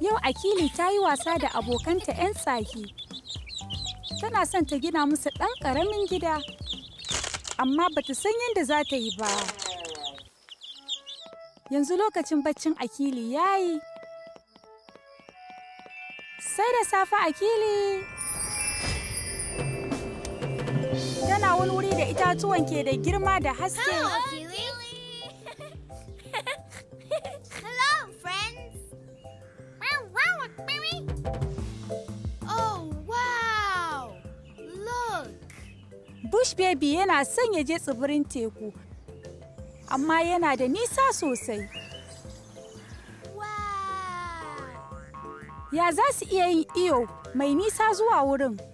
Yau Akili ta yi wasa da abokanta 'yan tsaki. Tana son ta gina musu ɗan ƙaramin gida, amma ba ta san yadda za ta yi ba. Yanzu lokacin baccin Akili ya yi. Sai da safe Akili! Tana wani wuri da itatuwan ke da girma da haske. Fish Baby yana son ya je tsibirin teku, amma yana da nisa sosai. Ya za su iya yin iyo mai nisa zuwa wurin?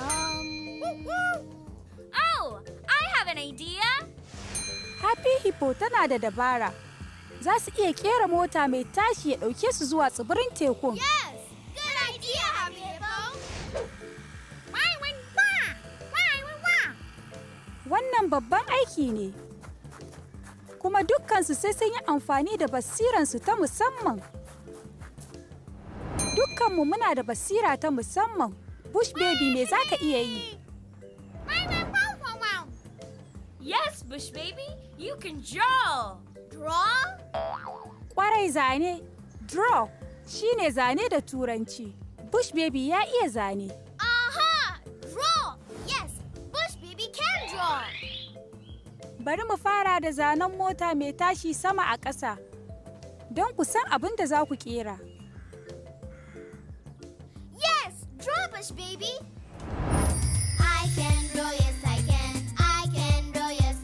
Um, oh, Happy Hippo tana da dabara. Za su iya kera mota mai tashi ya ɗauke su zuwa tsibirin tekun. Yeah! babban aiki ne kuma dukkansu sai sun yi amfani da basiransu ta musamman dukkanmu muna da basira ta musamman bush baby me za ka iya yi Yes, Bush Baby, you can draw. Draw? Kwarai zane, draw shine zane da turanci. Bush Baby ya iya zane. Bari mu fara da zanen mota mai tashi sama a ƙasa don ku san abin da za ku ƙera. Yes, Drawbush baby! I can draw, yes I I can draw, yes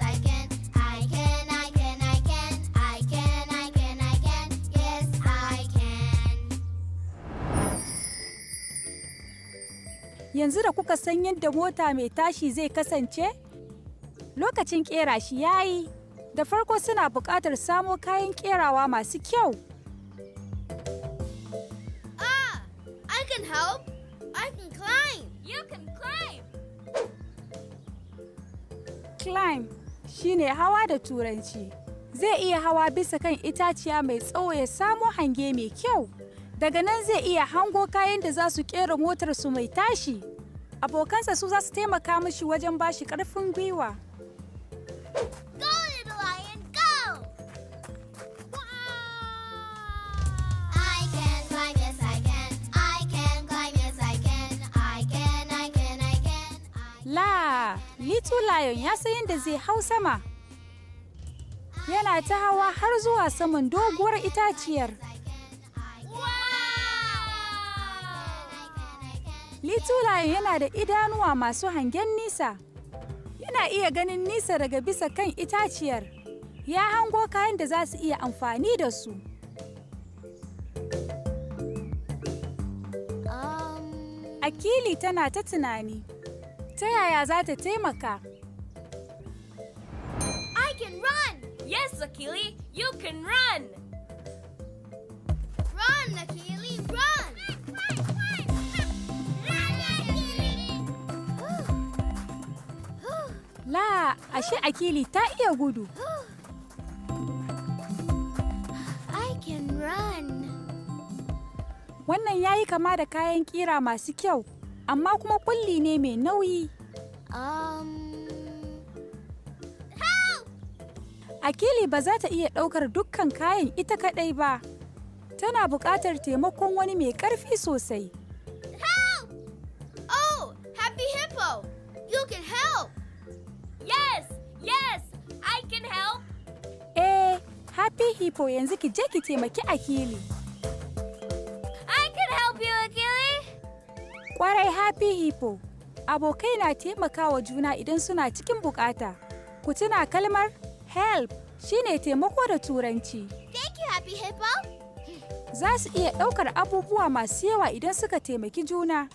Yanzu da kuka san yadda mota mai tashi zai kasance? Lokacin kera shi ya yi, da farko suna buƙatar samo kayan kerawa masu kyau. Ah, climb. You can shine hawa da turanci. Zai iya hawa bisa kan itaciya mai tsawo ya samo hange mai kyau. Daga nan zai iya hango kayan da za su ƙera motarsu mai tashi. abokansa su za su taimaka mishi wajen bashi karfin gwiwa. Little Lion ya san yadda zai hau sama. Yana ta hawa har zuwa saman doguwar itaciyar. Little Lion yana da idanuwa masu hangen nisa. Yana iya ganin nisa daga bisa kan itaciyar. Ya hango kayan da za su iya amfani da su. Akili tana ta tunani. Ta yaya za ta taimaka? I can run! Yes, Akili, you can run! Run, Akili, run! La, ashe Akili ta iya gudu. I can run. Wannan yayi kama da kayan kira masu kyau. amma kuma kulli ne mai nauyi. Um, Akili ba za ta iya ɗaukar dukkan kayan ita kaɗai ba. Tana buƙatar taimakon wani mai ƙarfi sosai. Oh, eh, happy hippo yanzu ki je ki taimaki Akili. Kwarai Happy Hippo, abokai na taimakawa juna idan suna cikin bukata. Ku tuna kalmar help shine taimako da turanci. Thank you Happy Hippo. Za su iya ɗaukar abubuwa masu yawa idan suka taimaki juna.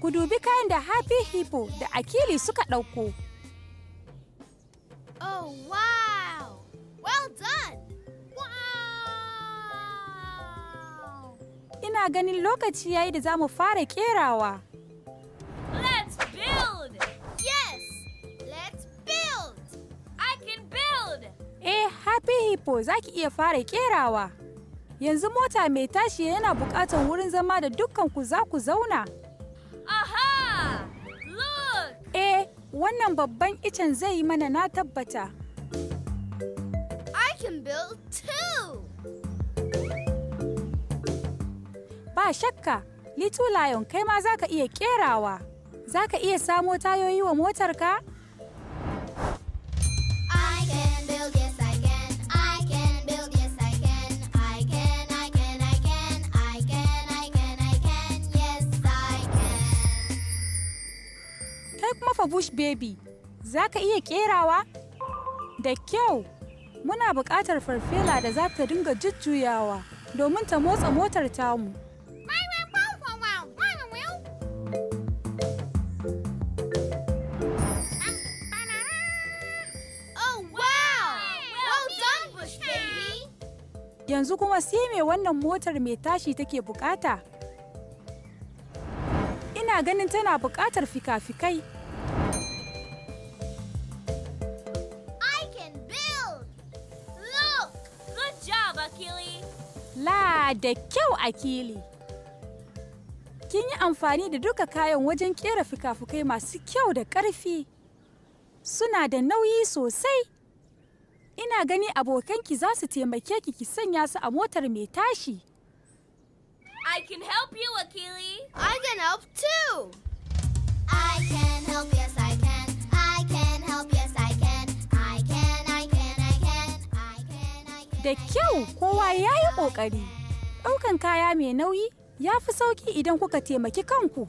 Ku dubi kayan da Happy Hippo da Akili suka ɗauko. ina ganin lokaci yayi da za mu fara kerawa. Let's build! Yes! Let's build! I can build! Eh, Happy Hippo za ki iya fara kerawa. Yanzu mota mai tashi yana buƙatar wurin zama da dukkan ku za ku zauna. Aha! Look! Eh, wannan babban icen zai yi mana na tabbata. shakka Little Lion kai ma za ka iya kerawa. Za ka iya samo tayoyi wa motarka? Kai kuma fa Bush Baby, za ka iya kerawa? Da kyau, muna buƙatar farfela da za ta dinga jujjuyawa domin ta motsa motar tamu. yanzu kuma sai mai wannan motar mai tashi take bukata ina ganin tana bukatar fika-fikai La da kyau akili. Kin yi amfani da duka kayan wajen kera fikafikai masu kyau da ƙarfi. Suna da nauyi sosai. Ina gani abokanki za su taimake ki ki sanya su a motar mai tashi. I can help you, Akili. I can help too. I can help, yes, I can. I can help, yes, I can, I can. I can, I can. Da kyau kowa ya yi ƙoƙari. Ɗaukan kaya mai nauyi ya fi sauƙi idan kuka taimaki kanku.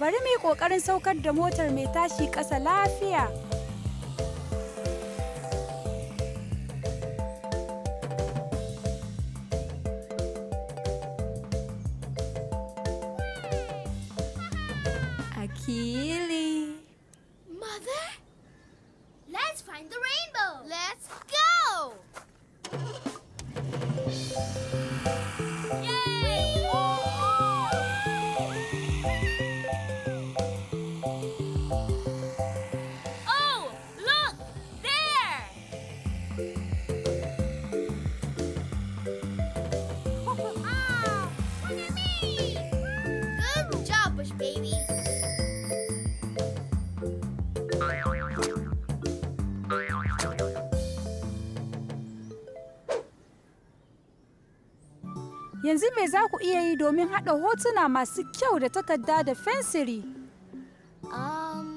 bari mai yi ƙoƙarin saukar da motar mai tashi ƙasa lafiya. Yanzu me za ku iya yi domin haɗa hotuna masu kyau da takarda da fensiri? Um,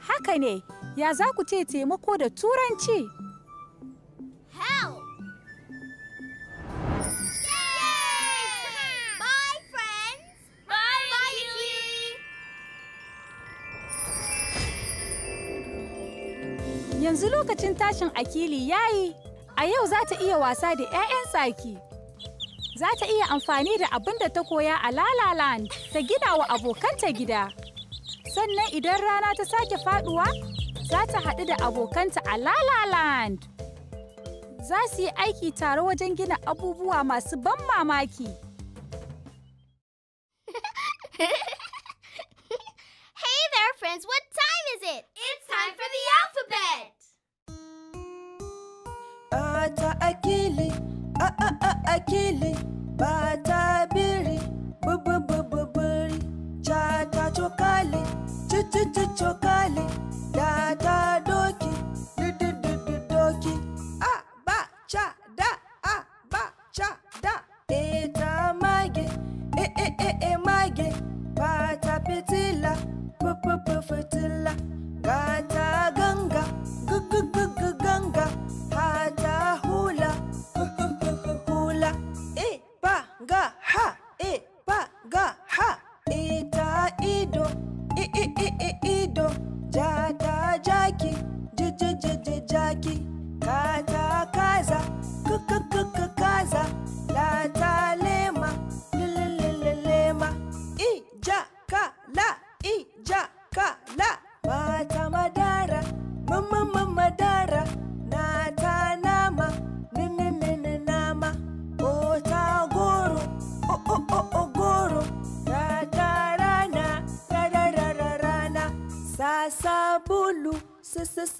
Haka ne, ya za ku ce taimako da turanci? yanzu lokacin tashin akili ya yi a yau za ta iya wasa da 'ya'yan tsaki za ta iya amfani da abin da ta koya a Land ta gina wa abokanta gida sannan idan rana ta sake faduwa za ta haɗu da abokanta a Land. za su yi aiki tare wajen gina abubuwa masu ban mamaki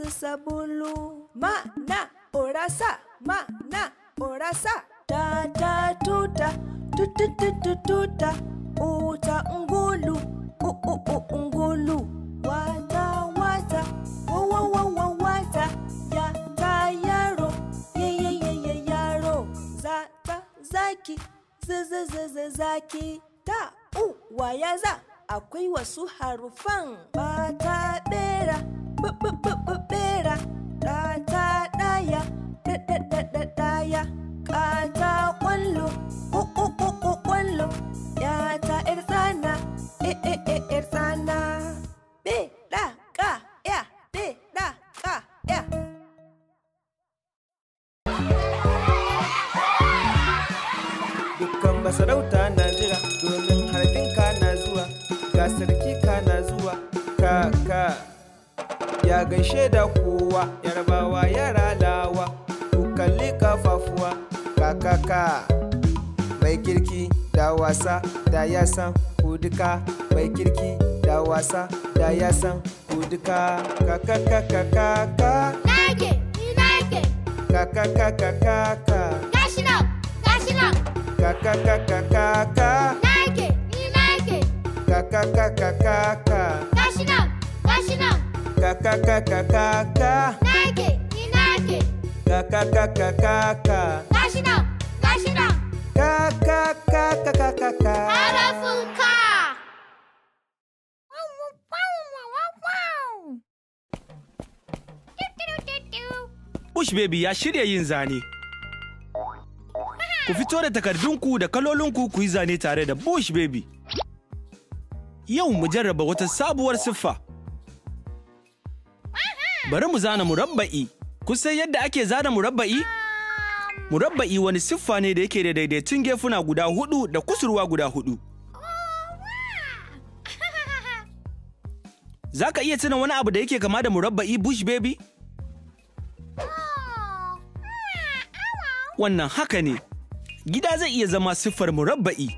sabulu ma na orasa ma na orasa ta ta tuta tuta uta ngulu u u u ngulu wata wata wa wa wa wa wata ya ta yaro ye ye ye ye yaro za ta zaki za za za za zaki ta u wa ya za akwai wasu harufan ba ta bera b b b bera da ta daya da da da daya wasa da ya san ku mai kirki da wasa da ya san ku ka ka kaka kaka nage nage ka. ka ka ka nan gashi nan kaka kaka ka nage nage kaka kaka kaka ka. ka ka ka kaka kaka kaka nage nage ka Ka-ka-ka ka. nan Bush Baby ya shirya yin zane. Ku fito da takardunku da kalolinku ku yi zane tare da Bush Baby. Yau mu jarraba wata sabuwar siffa. Bari mu zana murabba'i. Kun san yadda ake zana murabba'i? Murabba'i wani siffa ne da yake da daidaitun gefuna guda hudu da kusurwa guda hudu. Za ka iya tuna wani abu da yake kama da murabba'i bush baby? Wannan haka ne, gida zai iya zama siffar murabba'i.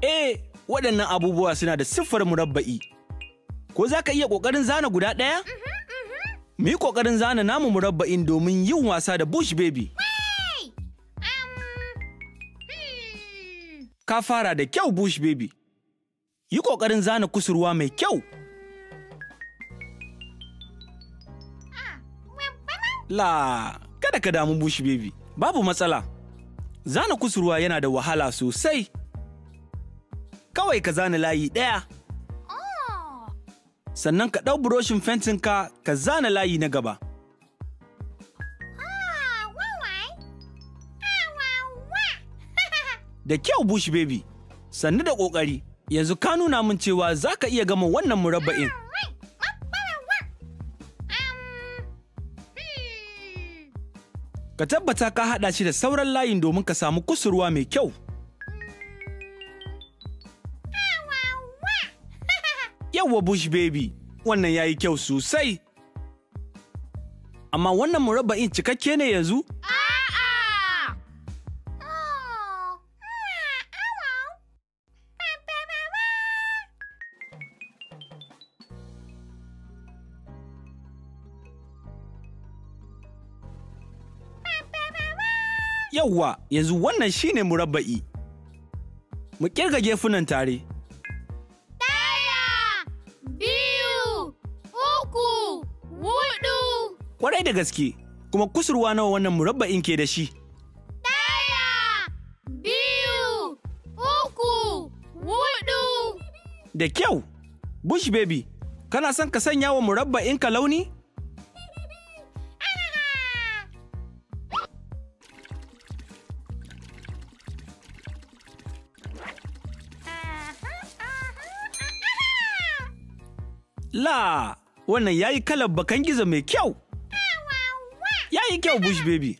Eh, waɗannan abubuwa suna da siffar murabba'i. Ko za ka iya ƙoƙarin zana guda ɗaya? Mhm. mu yi ƙoƙarin zana namu murabba'in domin yin wasa da bush baby. Um, hmm. Ka fara da kyau bush baby. Yi ƙoƙarin zana kusurwa mai kyau. Ah, La, kada ka damu bush baby, babu matsala. Zana kusurwa yana da wahala sosai. Kawai ka zana layi ɗaya. sannan ka ɗau buroshin fentin ka ka zana layi na gaba. Da kyau Bush Baby, sannu da ƙoƙari, yanzu ka nuna min cewa za ka iya gama wannan murabba'in. Ka tabbata ka haɗa shi da sauran layin domin ka samu kusurwa mai kyau. Yawwa Bush Baby, wannan ya yi kyau sosai. Amma wannan murabba'in cikakke ne yanzu? A'a! Yawwa, yanzu wannan shine murabba'i. Mu kirga gefunan tare. Kwarai da gaske, kuma kusurwa nawa wannan murabba'in ke da shi? Ɗaya, biyu, uku, hudu. Da kyau, Bush baby, kana son ka sanya wa murabba'in ka launi? La, wannan ya yi kalar bakan gizo mai kyau. Aí que é o Bush Baby.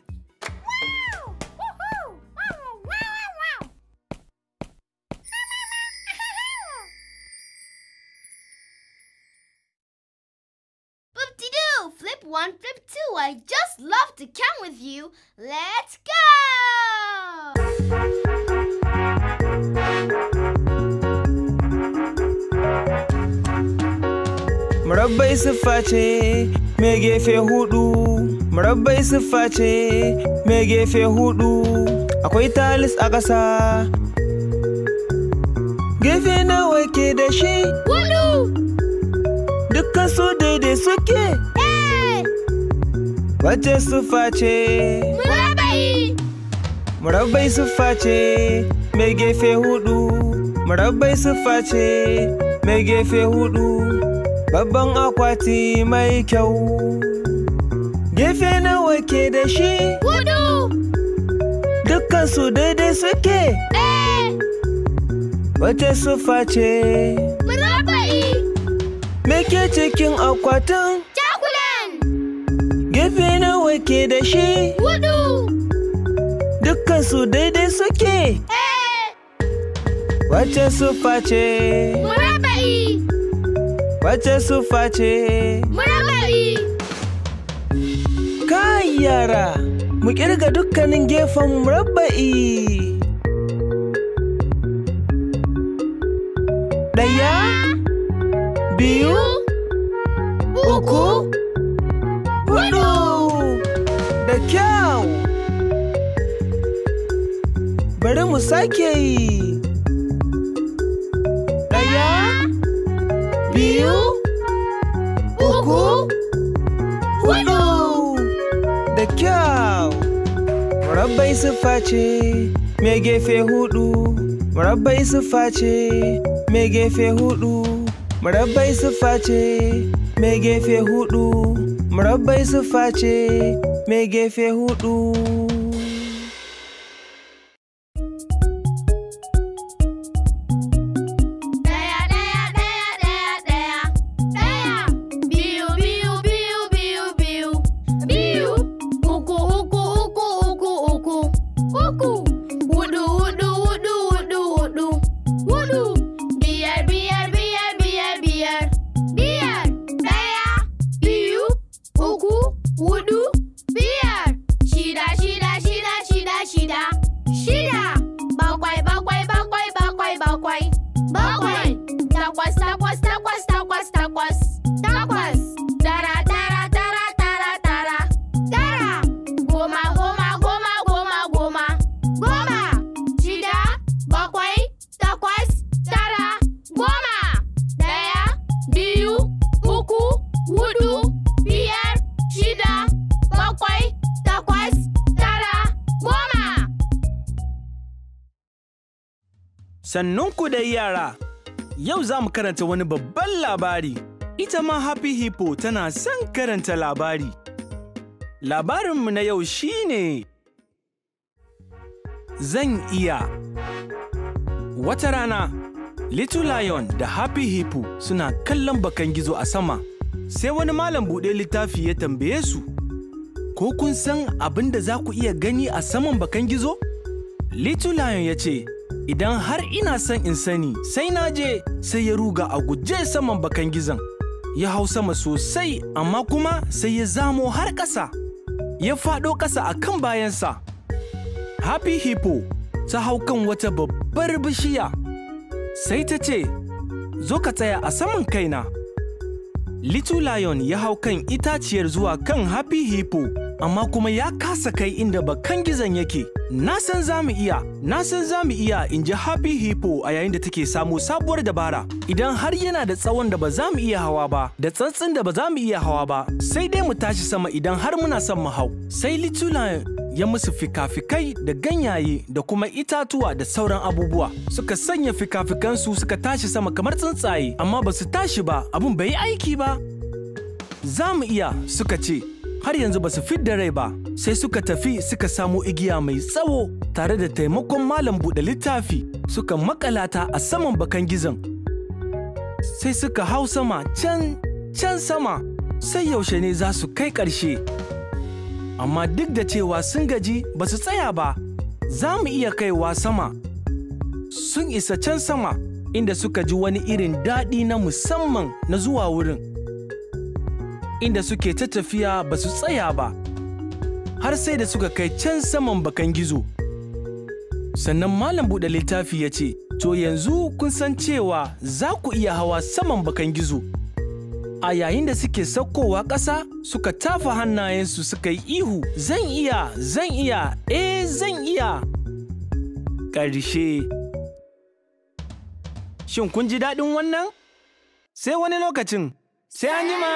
Flip one, flip two. I just love to come with you. Let's go! Murabbai su face mai gefe hudu murabbai siffa ce mai gefe hudu akwai talis a ƙasa gefe nawa ke da shi hudu dukkan su daidai suke eh. wace siffa ce murabbai murabbai siffa ce mai gefe hudu murabbai siffa ce mai gefe hudu babban akwati mai kyau gefe nawa ke da shi hudu dukkan su daidai suke ɗaya eh. wace sufa ce murabai me ke cikin akwatin cakulan gefe nawa ke da shi hudu dukkan su daidai suke eh. wace sufa ce murabai wace sufa ce murabai yara, mu ƙirga dukkanin gefen murabba'i. Ɗaya, biyu, uku, hudu, da kyau. Bari mu sake yi. murabbai siffa ce mai gefe hudu murabbai siffa ce mai gefe hudu murabbai siffa ce mai gefe hudu murabbai siffa ce mai gefe hudu ku dai yara, yau za mu karanta wani babban labari. Ita ma Happy Hippo tana son karanta labari. Labarinmu na yau shi ne Zan iya. Wata rana, Little Lion da Happy Hippo suna kallon bakan gizo a sama. Sai wani malam buɗe littafi ya tambaye su, Ko kun san abin da za ku iya gani a saman bakan gizo? Little Lion ya ce, idan har ina son in sani sai na je sai ya ruga a guje saman bakan gizon ya hau sama sosai amma kuma sai ya zamo har ƙasa ya faɗo ƙasa a kan bayansa happy hippo ta hau kan wata babbar bishiya sai ta ce zo ka tsaya a saman kaina Little Lion ya hau kan itaciyar zuwa kan Happy Hippo, amma kuma ya kasa kai inda bakan gizon yake. Na san za mu iya, na san za mu iya in ji Happy Hippo a yayin da take samu sabuwar dabara. Idan har yana da tsawon da ba za mu iya hawa ba, da tsantsin da ba za mu iya hawa ba, sai dai mu tashi sama idan har muna son mu hau. Sai Little Lion ya musu fikafikai da ganyaye da kuma itatuwa da sauran abubuwa suka sanya fikafikansu suka tashi sama kamar tsuntsaye amma ba su tashi ba abin bai aiki ba za mu iya suka ce har yanzu ba su da rai ba sai suka tafi suka samo igiya mai tsawo tare da taimakon malam buɗe littafi suka makalata a saman bakan gizon sai suka hau sama can can sama sai yaushe ne za su kai ƙarshe amma duk da cewa sun gaji ba su tsaya ba za mu iya kaiwa sama sun isa can sama inda suka ji wani irin daɗi na musamman na zuwa wurin inda suke ta tafiya ba su tsaya ba har sai da suka kai can saman bakan gizo sannan malam buɗe littafi ya ce to yanzu kun san cewa za ku iya hawa saman bakan gizo a yayin da suke saukowa ƙasa suka tafa hannayensu suka yi ihu zan iya zan iya eh zan iya ƙarshe shin kun ji daɗin wannan sai wani lokacin sai an jima